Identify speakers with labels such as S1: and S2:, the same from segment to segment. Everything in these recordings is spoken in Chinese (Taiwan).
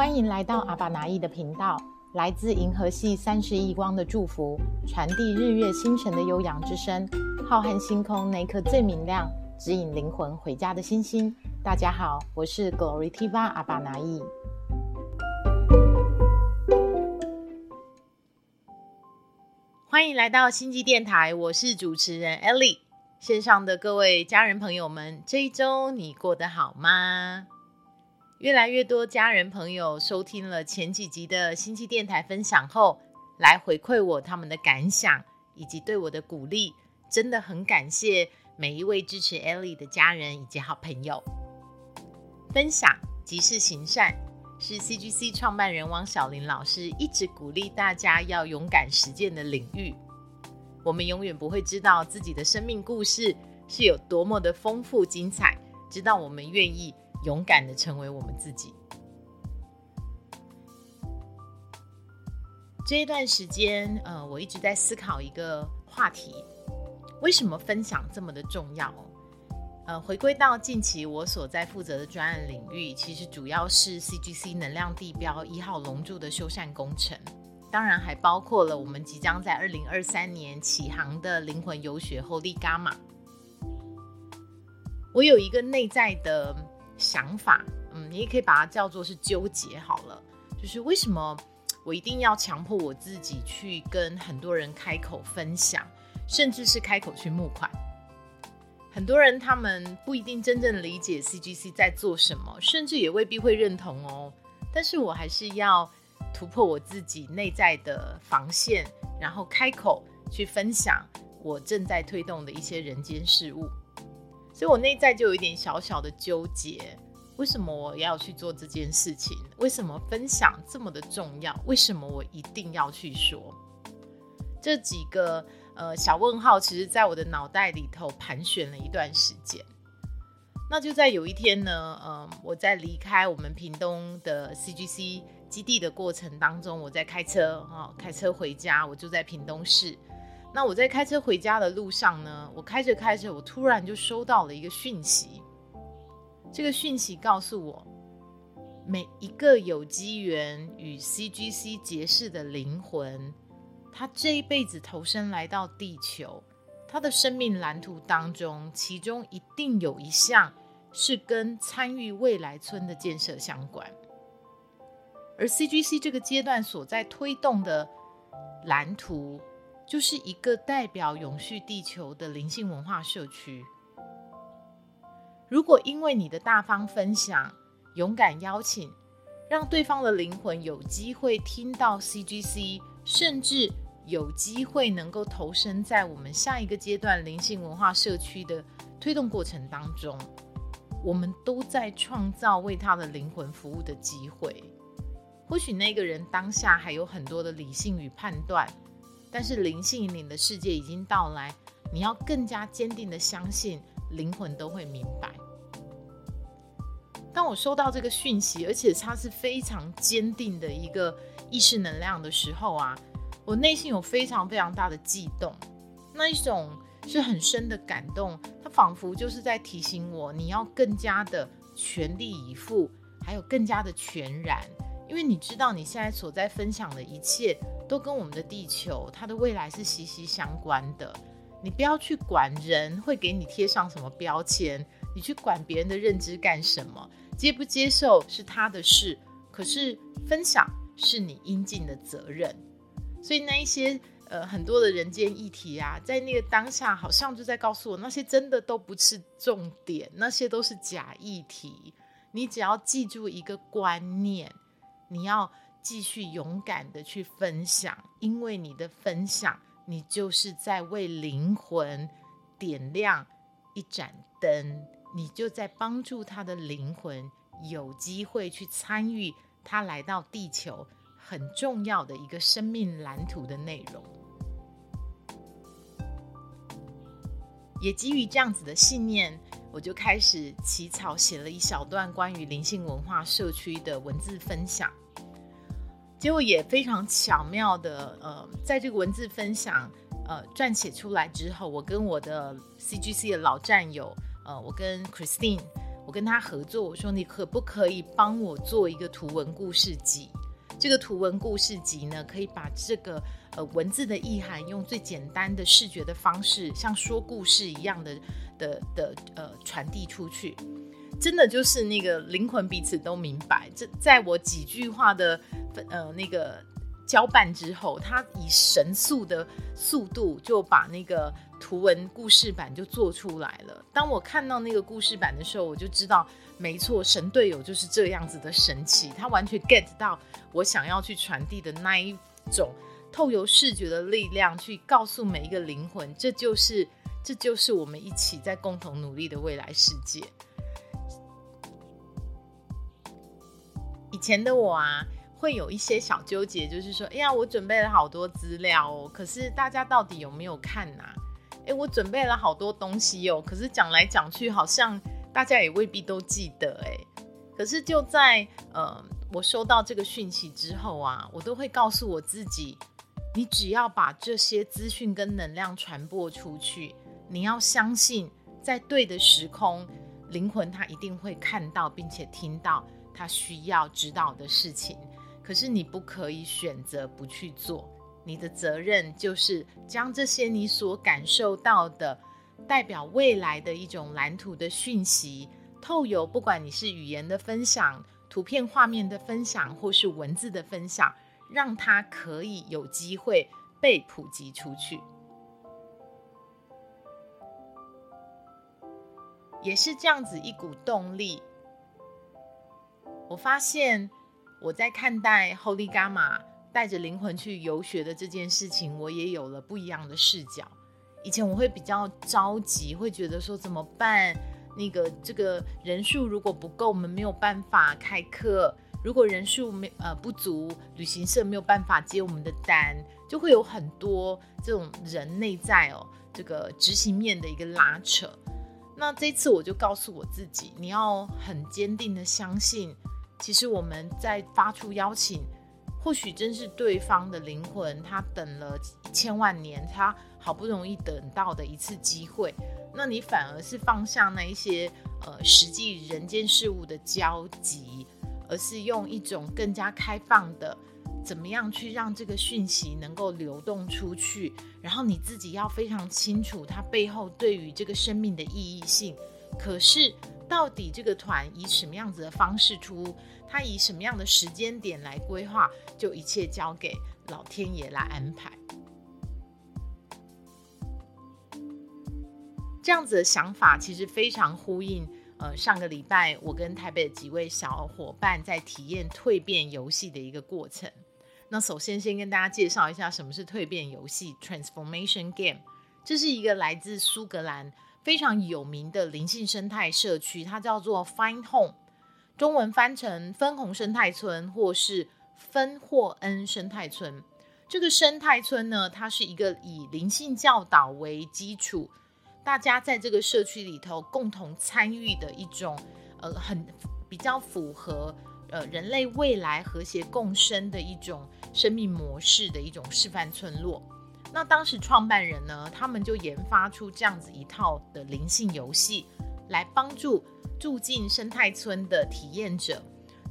S1: 歡迎來到阿爸拿意的頻道，來自銀河系三十億光的祝福，傳遞日月星辰的悠揚之聲。浩瀚星空那顆最明亮，指引靈魂回家的星星。大家好，我是 Glory Tiva 阿爸拿意。歡迎來到星際電台，我是主持人 Ellie。線上的各位家人朋友們，這一周你過得好嗎？越來越多家人朋友收聽了前幾集的星際電台分享後，後來回饋我他們的感想以及對我的鼓勵，真的很感謝每一位支持 Ellie 的家人以及好朋友。分享即是行善，是 CGC 創辦人汪筱玲老師一直鼓勵大家要勇敢實踐的領域。我們永遠不會知道自己的生命故事是有多麼的豐富精彩，直到我們願意。勇敢的成為我們自己。這一段時間，呃，我一直在思考一個話題：為什麼分享這麼的重要？呃，回歸到近期我所在負責的專案領域，其實主要是 CGC 能量地標一號龍柱的修繕工程，當然還包括了我們即將在二零二三年啟航的靈魂遊學 Holy Gamma。我有一個內在的。想法，嗯，你也可以把它叫做是糾結好了。就是為什麼我一定要強迫我自己去跟很多人開口分享，甚至是開口去募款？很多人他們不一定真正理解 CGC 在做什麼，甚至也未必會認同哦。但是我還是要突破我自己內在的防線，然後開口去分享我正在推動的一些人間事物。所以我內在就有一點小小的糾結：為什麼我要去做這件事情？為什麼分享這麼的重要？為什麼我一定要去說？這幾個呃小問號，其實在我的腦袋裡頭盤旋了一段時間。那就在有一天呢，嗯、呃，我在離開我們屏東的 CGC 基地的過程當中，我在開車啊、哦，開車回家，我就在屏東市。那我在開車回家的路上呢，我開着開着，我突然就收到了一個訊息。這個訊息告訴我，每一個有機緣與 CGC 結識的靈魂，他這一輩子投身來到地球，他的生命藍圖當中，其中一定有一項是跟參與未來村的建設相關。而 CGC 這個階段所在推動的藍圖。就是一個代表永續地球的靈性文化社區。如果因為你的大方分享，勇敢邀請，讓對方的靈魂有機會聽到 CGC，甚至有機會能夠投身在我們下一個階段靈性文化社區的推動過程當中，我們都在創造為他的靈魂服務的機會。或許那個人當下還有很多的理性與判斷，但是靈性引領的世界已經到來，你要更加堅定的相信，靈魂都會明白。當我收到這個訊息，而且它是非常堅定的一個意識能量的時候啊，我內心有非常非常大的悸動，那一種是很深的感動。它仿佛就是在提醒我，你要更加的全力以赴，還有更加的全然，因為你知道你現在所在分享的一切。都跟我們的地球，它的未來是息息相關的。你不要去管人會給你貼上什麼標籤，你去管別人的認知幹什麼，接不接受是他的事。可是分享是你應盡的責任。所以那一些呃很多的人間議題啊，在那個當下好像就在告訴我，那些真的都不是重點，那些都是假議題。你只要記住一個觀念，你要……繼續勇敢地去分享，因為你的分享，你就是在為靈魂點亮一盞燈，你就在幫助他的靈魂有機會去參與他來到地球很重要的一個生命藍圖的內容。也基於這樣子的信念，我就開始起草寫了一小段關於靈性文化社區的文字分享。結果也非常巧妙的，呃，在這個文字分享，呃，撰寫出來之後，我跟我的 CGC 的老戰友，呃，我跟 Christine，我跟他合作，我說，你可不可以幫我做一個圖文故事集？這個圖文故事集呢，可以把這個呃文字的意涵，用最簡單的視覺的方式，像說故事一樣的的的的呃傳遞出去。真的就是那個靈魂彼此都明白。這在我幾句話的呃那個交辦之後，他以神速的速度就把那個圖文故事版就做出來了。當我看到那個故事版的時候，我就知道，沒錯，神隊友就是這樣子的神奇。他完全 get 到我想要去傳遞的那一種透由視覺的力量，去告訴每一個靈魂，這就是這就是我們一起在共同努力的未來世界。以前的我啊，會有一些小糾結，就是說，哎呀，我準備了好多資料哦，可是大家到底有沒有看吶、啊？哎，我準備了好多東西哦，可是講來講去，好像大家也未必都記得誒，可是就在呃，我收到這個訊息之後啊，我都會告訴我自己，你只要把這些資訊跟能量傳播出去，你要相信，在對的時空，靈魂它一定會看到並且聽到。他需要知道的事情，可是你不可以選擇不去做。你的責任就是將這些你所感受到的代表未來的一種藍圖的訊息，透由不管你是語言的分享、圖片畫面的分享，或是文字的分享，讓他可以有機會被普及出去，也是這樣子一股動力。我發現我在看待 Holy Gamma 帶着靈魂去遊學的這件事情，我也有了不一樣的視角。以前我會比較着急，會覺得說怎麼辦？那個這個人數如果不夠，我們沒有辦法開課；如果人數沒呃不足，旅行社沒有辦法接我們的單，就會有很多這種人內在哦，這個執行面的一個拉扯。那這次我就告訴我自己，你要很堅定地相信。其實我們在發出邀請，或許真是對方的靈魂，他等了一千萬年，他好不容易等到的一次機會，那你反而是放下那一些呃實際人間事物的交集，而是用一種更加開放的，怎麼樣去讓這個訊息能夠流動出去，然後你自己要非常清楚它背後對於這個生命的意義性，可是。到底這個團以什麼樣子的方式出？他以什麼樣的時間點來規劃？就一切交給老天爺來安排。這樣子的想法其實非常呼應。呃，上個禮拜我跟台北的幾位小夥伴在體驗蛻變遊戲的一個過程。那首先先跟大家介紹一下什麼是蛻變遊戲 （Transformation Game）。這是一個來自蘇格蘭。非常有名的靈性生態社區，它叫做 Findhorn，中文翻成分紅生態村，或是芬霍恩生態村。這個生態村呢，它是一個以靈性教導為基礎，大家在這個社區裡頭共同參與的一種，呃，很比較符合呃人類未來和諧共生的一種生命模式的一種示範村落。那當時創辦人呢，他們就研發出這樣子一套的靈性遊戲，來幫助住進生態村的體驗者，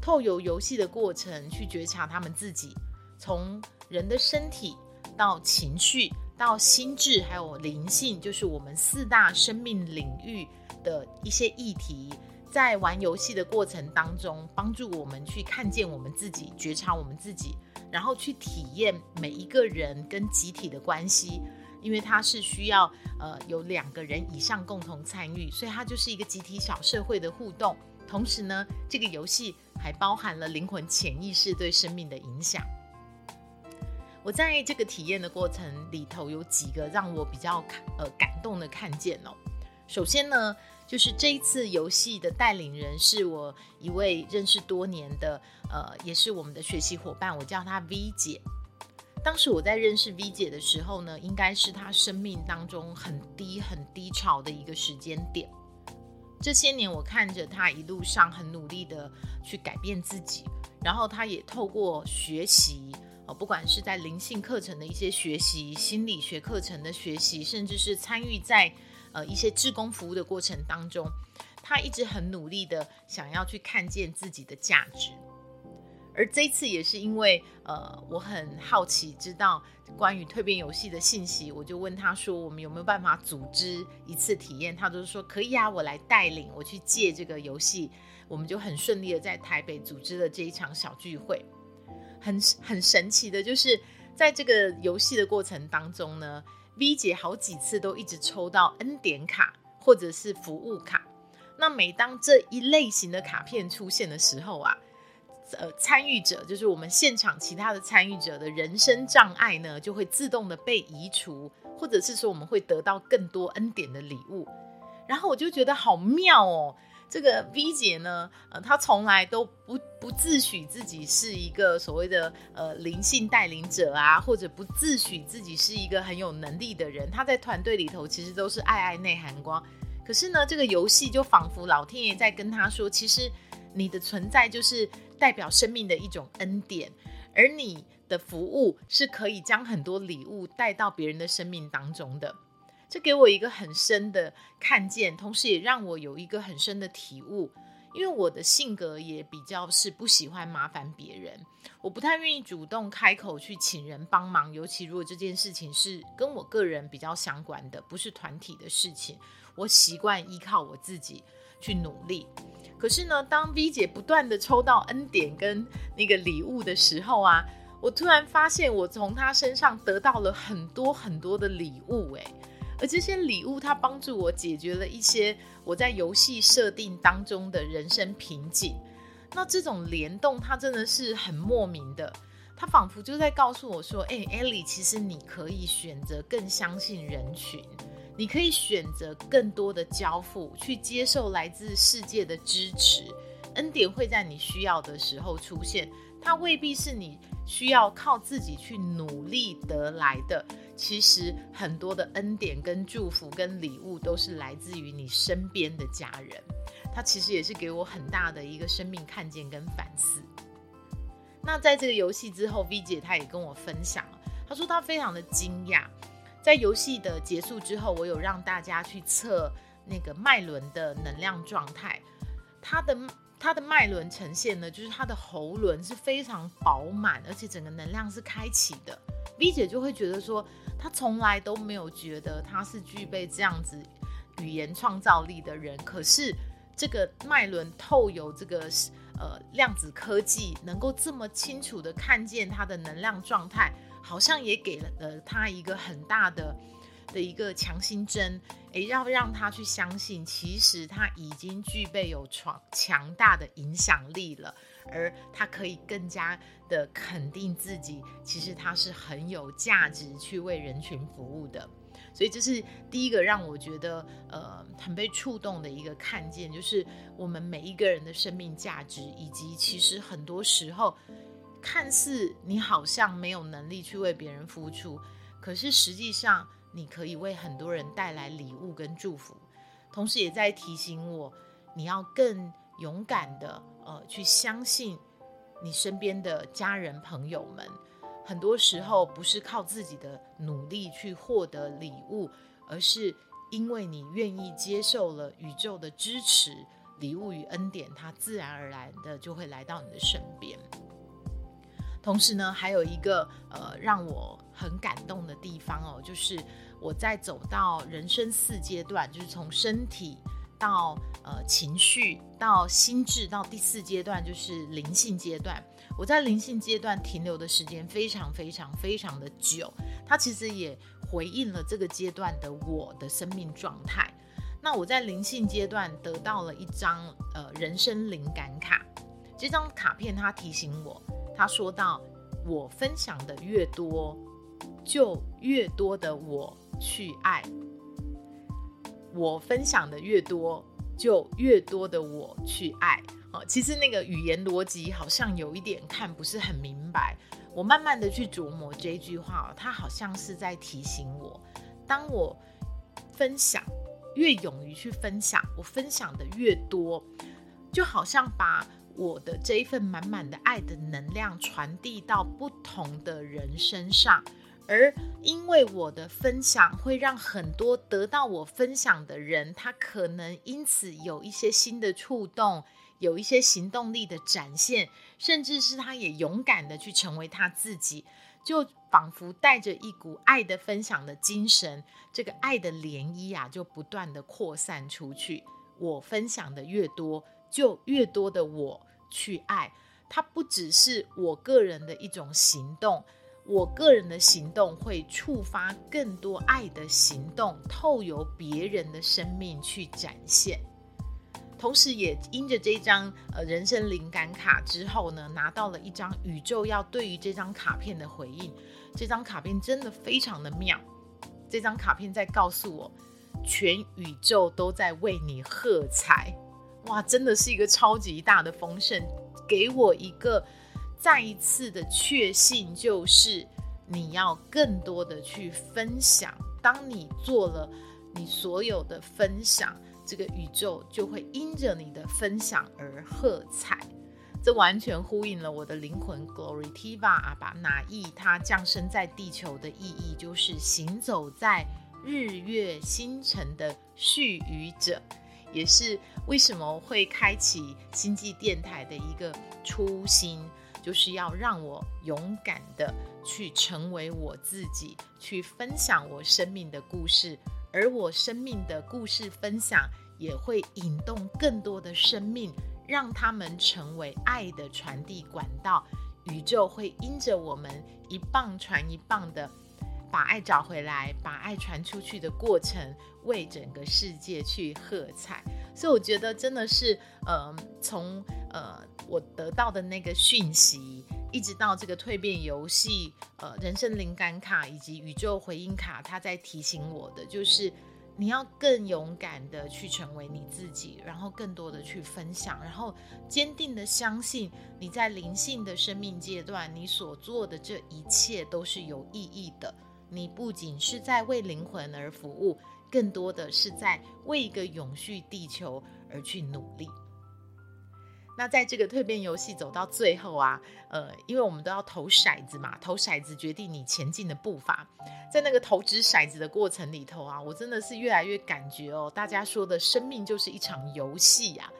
S1: 透由遊戲的過程去覺察他們自己，從人的身體到情緒到心智，還有靈性，就是我們四大生命領域的一些議題，在玩遊戲的過程當中，幫助我們去看見我們自己，覺察我們自己。然後去體驗每一個人跟集體的關係，因為它是需要呃有兩個人以上共同參與，所以它就是一個集體小社會的互動。同時呢，這個遊戲還包含了靈魂潛意識對生命的影響。我在這個體驗的過程裡頭有幾個讓我比較感呃感動的看見哦。首先呢，就是這一次遊戲的帶領人是我一位認識多年的，呃，也是我們的學習夥伴，我叫她 V 姐。當時我在認識 V 姐的時候呢，應該是她生命當中很低很低潮的一個時間點。這些年我看着她一路上很努力地去改變自己，然後她也透過學習，哦，不管是在靈性課程的一些學習、心理學課程的學習，甚至是參與在，呃，一些志工服務的過程當中，他一直很努力的想要去看見自己的價值，而這次也是因為呃，我很好奇知道關於蛻變遊戲的信息，我就問他說：“我們有沒有辦法組織一次體驗？”他就是說：“可以啊，我來帶領我去借這個遊戲。”我們就很順利的在台北組織了這一場小聚會。很很神奇的就是在這個遊戲的過程當中呢。V 姐好幾次都一直抽到恩典卡或者是服務卡，那每當這一類型的卡片出現的時候啊，呃，參與者就是我們現場其他的參與者的人生障礙呢，就會自動的被移除，或者是說我們會得到更多恩典的禮物，然後我就覺得好妙哦。這個 V 姐呢，呃，她從來都不不自詡自己是一個所謂的呃靈性帶領者啊，或者不自詡自己是一個很有能力的人。她在團隊裡頭其實都是愛愛內涵光。可是呢，這個遊戲就仿佛老天爺在跟她說，其實你的存在就是代表生命的一種恩典，而你的服務是可以將很多禮物帶到別人的生命當中的。這給我一個很深的看見，同時也讓我有一個很深的體悟。因為我的性格也比較是不喜歡麻煩別人，我不太願意主動開口去請人幫忙。尤其如果這件事情是跟我個人比較相關的，不是團體的事情，我習慣依靠我自己去努力。可是呢，當 V 姐不斷地抽到恩典跟那個禮物的時候啊，我突然發現我從她身上得到了很多很多的禮物，欸，而這些禮物，它幫助我解決了一些我在遊戲設定當中的人生瓶頸。那這種聯動，它真的是很莫名的，它仿佛就在告訴我說：“誒、欸，艾莉，其實你可以選擇更相信人群，你可以選擇更多的交付，去接受來自世界的支持，恩典會在你需要的時候出現，它未必是你。”需要靠自己去努力得來的。其實很多的恩典，跟祝福，跟禮物，都是來自於你身邊的家人。他其實也是給我很大的一個生命看見跟反思。那在這個遊戲之後，V 姐她也跟我分享了，她說她非常的驚訝，在遊戲的結束之後，我有讓大家去測那個脈輪的能量狀態，她的。他的脈輪呈現呢，就是他的喉輪是非常飽滿，而且整個能量是開啟的。V 姐就會覺得說，她從來都沒有覺得他是具備這樣子語言創造力的人，可是這個脈輪透由這個呃量子科技能夠這麼清楚的看見他的能量狀態，好像也給了他一個很大的。的一個強心針，誒，要讓他去相信，其實他已經具備有強強大的影響力了，而他可以更加的肯定自己，其實他是很有價值去為人群服務的，所以這是第一個讓我覺得呃很被觸動的一個看見，就是我們每一個人的生命價值，以及其實很多時候看似你好像沒有能力去為別人付出，可是實際上。你可以為很多人帶來禮物跟祝福，同時也在提醒我，你要更勇敢地呃，去相信你身邊的家人朋友們。很多時候不是靠自己的努力去獲得禮物，而是因為你願意接受了宇宙的支持，禮物與恩典，它自然而然地就會來到你的身邊。同時呢，還有一個呃讓我很感動的地方哦，就是我在走到人生四階段，就是從身體到呃情緒到心智到第四階段，就是靈性階段。我在靈性階段停留的時間非常非常非常的久，它其實也回應了這個階段的我的生命狀態。那我在靈性階段得到了一張呃人生靈感卡，這張卡片它提醒我。他說到：“我分享的越多，就越多的我去愛。我分享的越多，就越多的我去愛。”啊，其實那個語言邏輯好像有一點看不是很明白。我慢慢的去琢磨這句話它他好像是在提醒我，當我分享越勇於去分享，我分享的越多，就好像把。我的這一份滿滿的愛的能量傳遞到不同的人身上，而因為我的分享會讓很多得到我分享的人，他可能因此有一些新的觸動，有一些行動力的展現，甚至是他也勇敢的去成為他自己，就仿佛帶着一股愛的分享的精神，這個愛的漣漪啊，就不斷的擴散出去。我分享的越多，就越多的我。去愛，它不只是我個人的一種行動，我個人的行動會觸發更多愛的行動，透由別人的生命去展現。同時，也因着這張呃人生靈感卡之後呢，拿到了一張宇宙要對於這張卡片的回應。這張卡片真的非常的妙，這張卡片在告訴我，全宇宙都在為你喝彩。哇，真的是一個超級大的豐盛，給我一個再一次的確信，就是你要更多的去分享。當你做了你所有的分享，這個宇宙就會因着你的分享而喝彩。這完全呼應了我的靈魂，Glory Tiva 阿爸拿意，他降生在地球的意義就是行走在日月星辰的序語者。也是為什麼會開啟星際電台的一個初心，就是要讓我勇敢的去成為我自己，去分享我生命的故事。而我生命的故事分享也會引動更多的生命，讓他們成為愛的傳遞管道，宇宙會因着我們一棒傳一棒的，把愛找回來，把愛傳出去的過程，為整個世界去喝彩。所以我覺得真的是，呃，從呃我得到的那個訊息，一直到這個蛻變遊戲，呃，人生靈感卡以及宇宙回音卡，它在提醒我的就是，你要更勇敢的去成為你自己，然後更多的去分享，然後堅定的相信你在靈性的生命階段，你所做的這一切都是有意義的。你不僅是在為靈魂而服務，更多的是在為一個永續地球而去努力。那在這個蛻變遊戲走到最後啊，呃，因為我們都要投骰子嘛，投骰子決定你前進的步伐。在那個投擲骰子的過程裡頭啊，我真的是越來越感覺哦，大家說的生命就是一場遊戲呀，啊。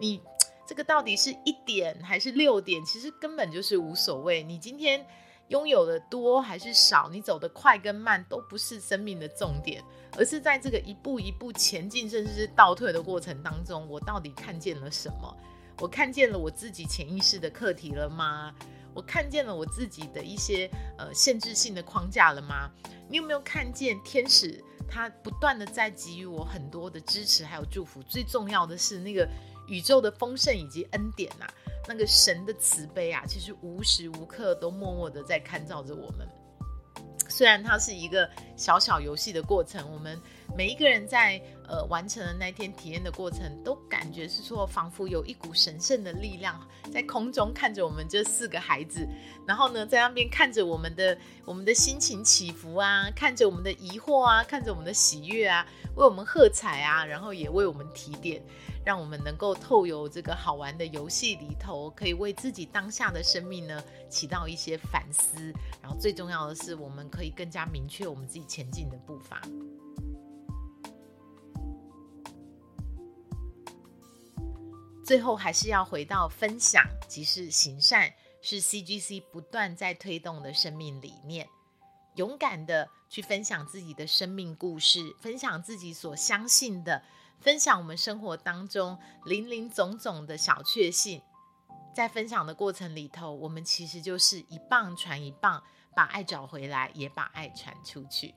S1: 你這個到底是一點還是六點，其實根本就是無所謂。你今天。擁有的多還是少？你走得快跟慢都不是生命的重點，而是在這個一步一步前進甚至是倒退的過程當中，我到底看見了什麼？我看見了我自己潛意識的課題了嗎？我看見了我自己的一些呃限制性的框架了嗎？你有沒有看見天使他不斷的在給予我很多的支持還有祝福？最重要的是那個。宇宙的豐盛以及恩典吶啊，那個神的慈悲啊，其實無時無刻都默默的在看照着我們。雖然它是一個小小遊戲的過程，我們。每一個人在呃完成的那一天體驗的過程，都感覺是說，仿佛有一股神聖的力量在空中看着我們這四個孩子，然後呢，在那邊看着我們的我們的心情起伏啊，看着我們的疑惑啊，看着我們的喜悅啊，為我們喝彩啊，然後也為我們提點，讓我們能夠透由這個好玩的遊戲裡頭，可以為自己當下的生命呢起到一些反思，然後最重要的是，我們可以更加明確我們自己前進的步伐。最後還是要回到分享，即是行善，是 CGC 不斷在推動的生命理念。勇敢的去分享自己的生命故事，分享自己所相信的，分享我們生活當中林林總總的小確幸。在分享的過程裡頭，我們其實就是一棒傳一棒，把愛找回來，也把愛傳出去。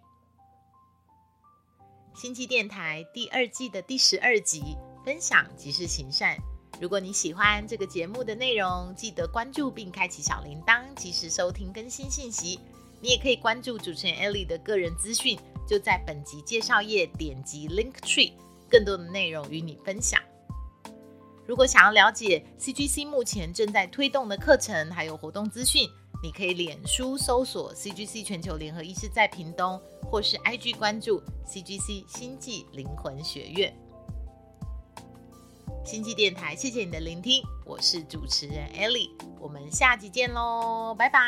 S1: 星際電台第二季的第十二集，分享即是行善。如果你喜歡這個節目的內容，記得關注並開啟小鈴鐺，及時收聽更新信息。你也可以關注主持人 Ellie 的個人資訊，就在本集介紹頁點擊 Link Tree，更多的內容與你分享。如果想要了解 CGC 目前正在推動的課程還有活動資訊，你可以臉書搜索 CGC 全球聯合意識在屏東，或是 IG 關注 CGC 星際靈魂學院。星際電台，謝謝你的聆聽，我是主持人 Ellie，我們下集見嘍，拜拜。